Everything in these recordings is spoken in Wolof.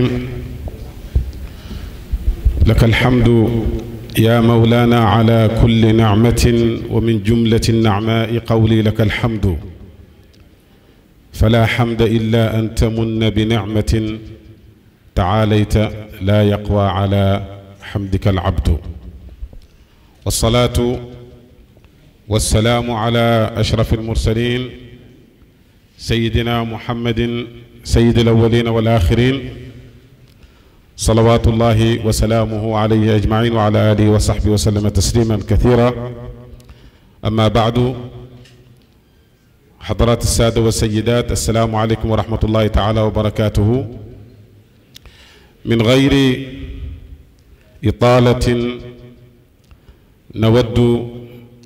الرحيم لك الحمد يا مولانا على كل نعمة ومن جملة النعماء قولي لك الحمد فلا حمد إلا أن تمن بنعمة تعاليت لا يقوى على حمدك العبد والصلاة والسلام على أشرف المرسلين سيدنا محمد سيد الأولين والآخرين salawaatullahi wa salaamuhu alayhi ajmain wa ala alihi wa sahbihi wa sallama tasliman kathira amma baadu xadaraat alsaada walsayidat alsalaamu aleykum wa rahmatullahi taala wa barakatuhu min gayri italatin nawaddu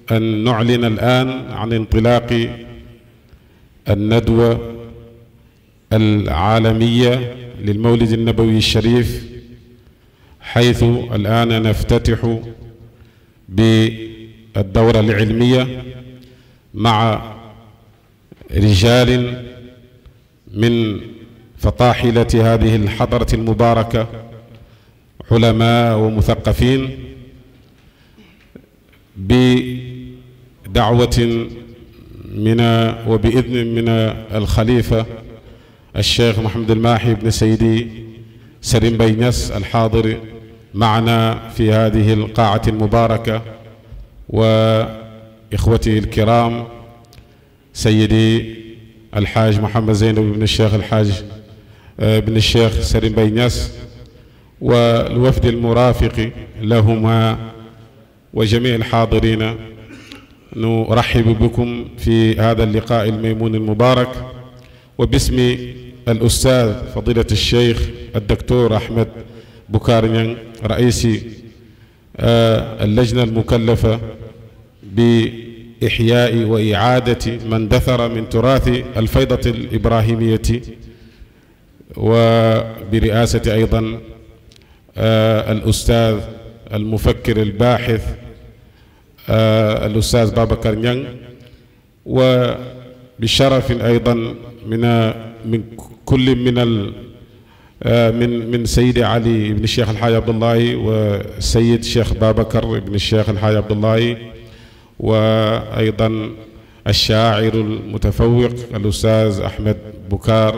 an nuclina alan an intilaaqi alnadwa alcaalamiya للمولد النبوي الشريف حيث الآن نفتتح بالدورة العلمية مع رجال من فطاحلة هذه الحضرة المباركة علماء ومثقفين بدعوة من وبإذن من الخليفة الشيخ محمد الماحي بن سيدي سليم بي نس الحاضر معنا في هذه القاعة المباركة وإخوته الكرام سيدي الحاج محمد زينب بن الشيخ الحاج بن الشيخ سليم بي نس والوفد المرافق لهما وجميع الحاضرين نرحب بكم في هذا اللقاء الميمون المبارك وباسم الأستاذ فضيلة الشيخ الدكتور أحمد بوكارنيان رئيس اللجنة المكلفة بإحياء وإعادة من دثر من تراث الفيضة الإبراهيمية وبرئاسة أيضا الأستاذ المفكر الباحث الأستاذ بابكر نيان وبشرف أيضا من من kulli min al eh, min min sayidi ali ibni cheikh alxaaji abdullahi wa sayid cheikh babacar ibni cheikh alxaaji abdullahi wa aydan alshaaciru almutafawiq alustaz ahmed bukaar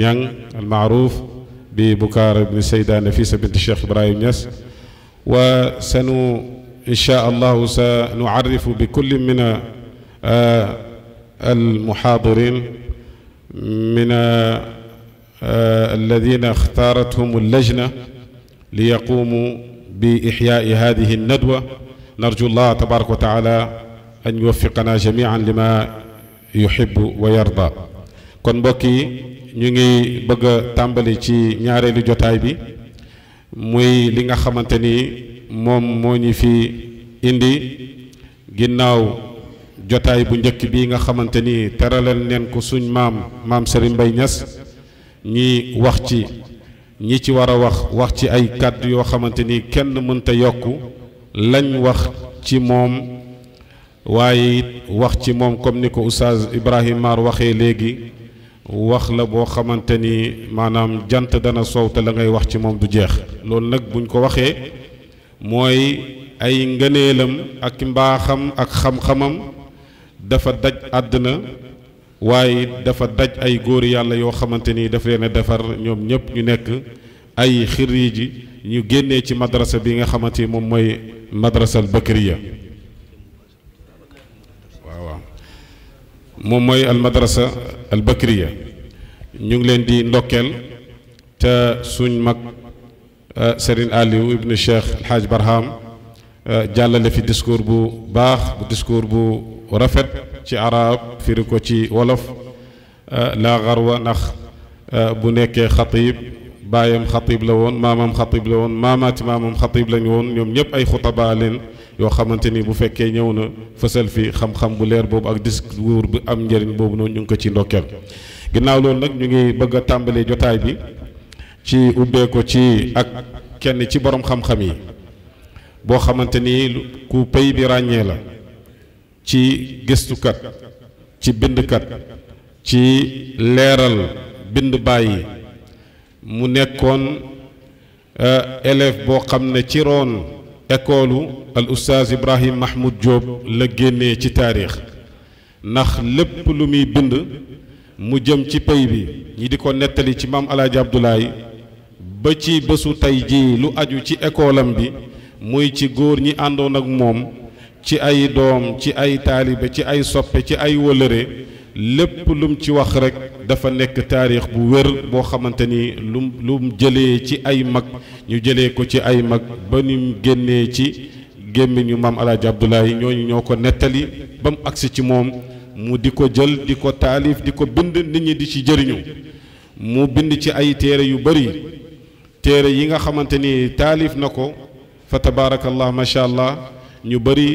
ñang almaaruf bi bukaar ibni sayida nafisa bint cheikh ibrahim ñas wa sanu insha allahu sanuarifu bi kulli min eh, almuhaadirin min alladina ixtaarathum allajna li yaqumu bi ixyaai hadihi nadwa narju llah tabaraka wa taala an yuwaffiqana jamian lima yuhibu wa yarda kon mbokk yi ñu ngi bëgg a tàmbali ci ñaareelu jotaay bi muy li nga xamante ni moom moo ñu fi indi ginnaaw jotaay bu njëkk bi nga xamante ni teralal neen ko suñ maam maam Serigne Mbaye Niass ñi wax ci ñi ci war a wax wax ci ay kàdd yoo xamante ni kenn mënta yokk lañ wax ci moom waaye wax ci moom comme ni ko oustaz Ibrahima Mar waxee léegi wax la boo xamante ni maanaam jant dana soow te la ngay wax ci moom du jeex loolu nag buñ ko waxee mooy ay ngëneelam ak mbaaxam ak xam-xamam dafa daj àddina waaye it dafa daj ay góor yàlla yoo xamante ni daf leen defar ñoom ñëpp ñu nekk ay xiriiji ñu génnee ci madrasa bi nga xamante ni moom mooy madrasal bakriya mooy al madrasa ñu ngi leen di ndokkeel ca suñ mag euh, Serigne Aliou ibnu Cheikh Alhaaj Barham euh, jàllale fi discours bu baax bu discours bu rafet ci arab firi ko ci wolof euh, laa xarwa ndax euh, bu nekkee xatib baayam xatib la woon maamam xatib la woon maamaati maamam xatib lañu woon ñoom ñëpp ay xutaba leen yoo xamante ni bu fekkee ñëw na fësal fi xam-xam bu leer boobu ak discours bi am njëriñ boobu noonu ñu ngi ko ci ndokkeel ginnaaw loolu nag ñu ngi bëgg a jotaay bi ci ubbee ko ci ak kenn ci boroom xam-xam yi boo xamante ni ku pays bi ràññee la ci gëstukat ci bindkat ci leeral bind bàyyi mu nekkoon euh, élève boo xam ne ci roon école al oustaz Ibrahim Mahmoud Diop la génnee ci taarix ndax lépp lu muy bind mu jëm ci pay bi ñi di ko nettali ci maam alaaji Abdoulaye ba ci bésu tey jii lu aju ci école bi muy ci góor ñi àndoon ak moom ci ay doom ci ay taalibe ci ay soppe ci ay wëlëre lépp lum ci wax rek dafa nekk taarix bu wér boo xamante ni lum lum jëlee ci ay mag ñu jëlee ko ci ay mag ba ñu génnee ci gémmiñu maam alaaji Abdoulaye ñooñu ñoo ko nettali ba mu agsi ci moom mu di ko jël di ko taalif di ko bind nit ñi di ci jëriñu mu bind ci ay téere yu bëri téere yi nga xamante ni taalif na ko fa tabaarakallah macha allah ñu bëri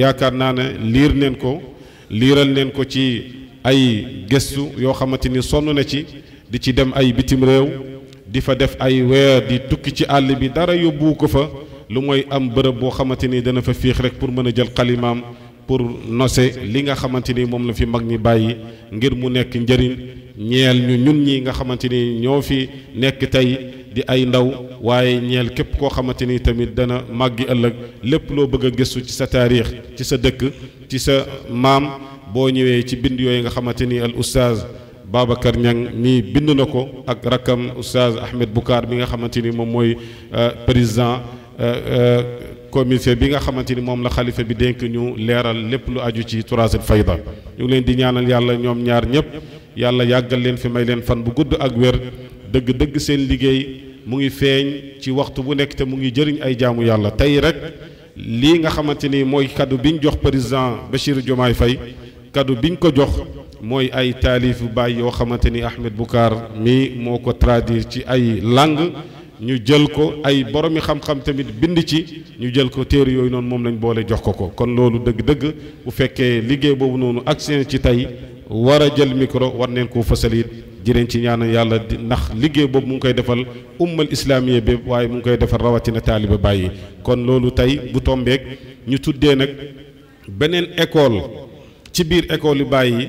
yaakaar naa ne liir neen ko liiral neen ko ci ay gëstu yoo xamante ni sonn na ci di ci dem ay bitim réew di fa def ay weer di tukki ci àll bi dara yóbbu ko fa lu mooy am bërëb boo xamante ni dana fa fiix rek pour mën a jël xalimaam pour nose li nga xamante ni moom la fi mag ñi bàyyi ngir mu nekk njëriñ ñeel ñu ñun ñi nga xamante ni ñoo fi nekk tey di ay ndaw waaye ñeel képp koo xamante ni tamit dana màggi ëllëg lépp loo bëgg a gëstu ci sa taarix ci sa dëkk ci sa maam boo ñëwee ci bind yooyu nga xamante ni al oustaz Babacar Niang mii bind na ko ak rakkam oustaz Ahmed Boucar bi nga xamante ni moom mooy euh, président euh, euh, comité bi nga xamante ni moom la xalifa bi dénk ñu leeral lépp lu aju ci turasul fayda ñu ngi leen di ñaanal yàlla ñoom ñaar ñëpp yàlla yàggal leen fi may leen fan bu gudd ak wér dëgg-dëgg seen liggéey mu ngi feeñ ci waxtu bu nekk te mu ngi jëriñ ay jaamu yàlla tey rek lii nga xamante ni mooy kaddu bi ñu jox président Bassirou Diomaye Faye kaddu bi ñu ko jox mooy ay taalif baay yoo xamante ni Ahmed Boucar mii moo ko traduire ci ay langue ñu jël ko ay boromi xam-xam tamit bind ci ñu jël ko téere yooyu noonu moom lañ boole jox ko ko kon loolu dëgg-dëgg bu fekkee liggéey boobu noonu ak ci tey war a jël micro war neen koo fësal it jëreen ci ñaanal yàlla di ndax liggéey boobu mu ngi koy defal ummal islaamiya bi waaye mu ngi koy defal rawatina taaliba bàyyi kon loolu tey bu tombeek ñu tuddee nag beneen école ci biir école yu bàyyi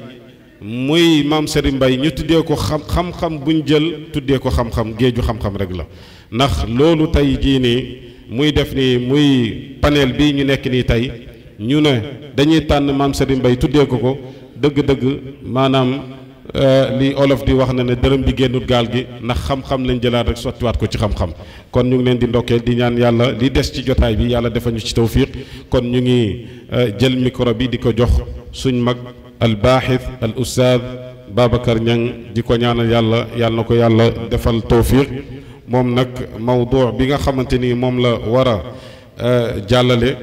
muy maam Serigne Mbaye ñu tuddee ko xam xam-xam jël tuddee ko xam-xam géeju xam-xam rek la ndax loolu tey jii nii muy def nii muy paneel bi ñu nekk nii tey ñu ne dañuy tànn maam Serigne Mbaye tuddee ko ko dëgg-dëgg maanaam euh, li olof di wax na ne dërëm bi génnut gaal gi ndax xam-xam lañ jëlaat rek sottiwaat ko ci xam-xam kon ñu ngi leen di ndokkeel di ñaan yàlla li des ci jotaay bi yàlla defal ñu ci tawfiq kon ñu ngi euh, jël micro bi di ko jox suñ mag al baaxith al ustaad Babacar di ko ñaanal yàlla yàlla na ko yàlla defal tawfiq moom nag mawduu bi nga xamante ni moom la war a euh, jàllale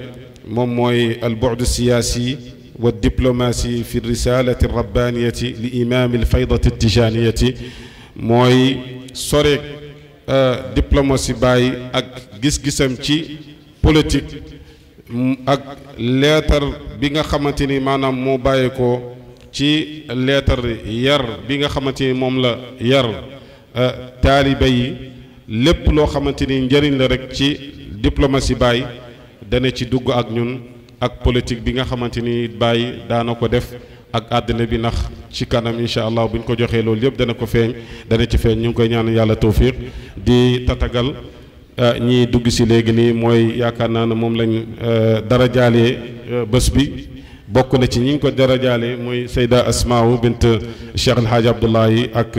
moom mooy al bu'du siyaasi والدبلوماسي في الرسالة الربانية لإمام الفيضة التجانية mooy sore diplomatie Baye ak gis-gisam ci politique hm، ak leetar bi nga xamante ni maanaam moo bàyyeekoo ci leetar yar bi nga xamante ni moom la yar taaliba yi lépp loo xamante ni njëriñ la rek ci diplomatie Baye dana ci dugg ak ñun ak politique bi nga xamante ni bàyyi daana ko def ak àddina bi ndax ci kanam incha allah bu ñu ko joxee loolu yëpp dana ko feeñ dana ci feeñ ñu ngi koy ñaan yàlla tawfiq di tatagal eh, ñiy dugg si léegi nii mooy yaakaar naa ne moom lañ eh, dara jaalee eh, bés bi bokk na ci ñu ngi ko dara jaalee mooy Sayda Asmaaw bint Cheikh El Hadj Abdoulaye ak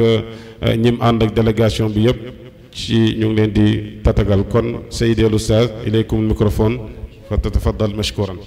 ñim ànd ak délégation bi yëpp ci ñu ngi leen di tatagal kon lu El Oustaz ileykum microphone فلتتفضل مشكورا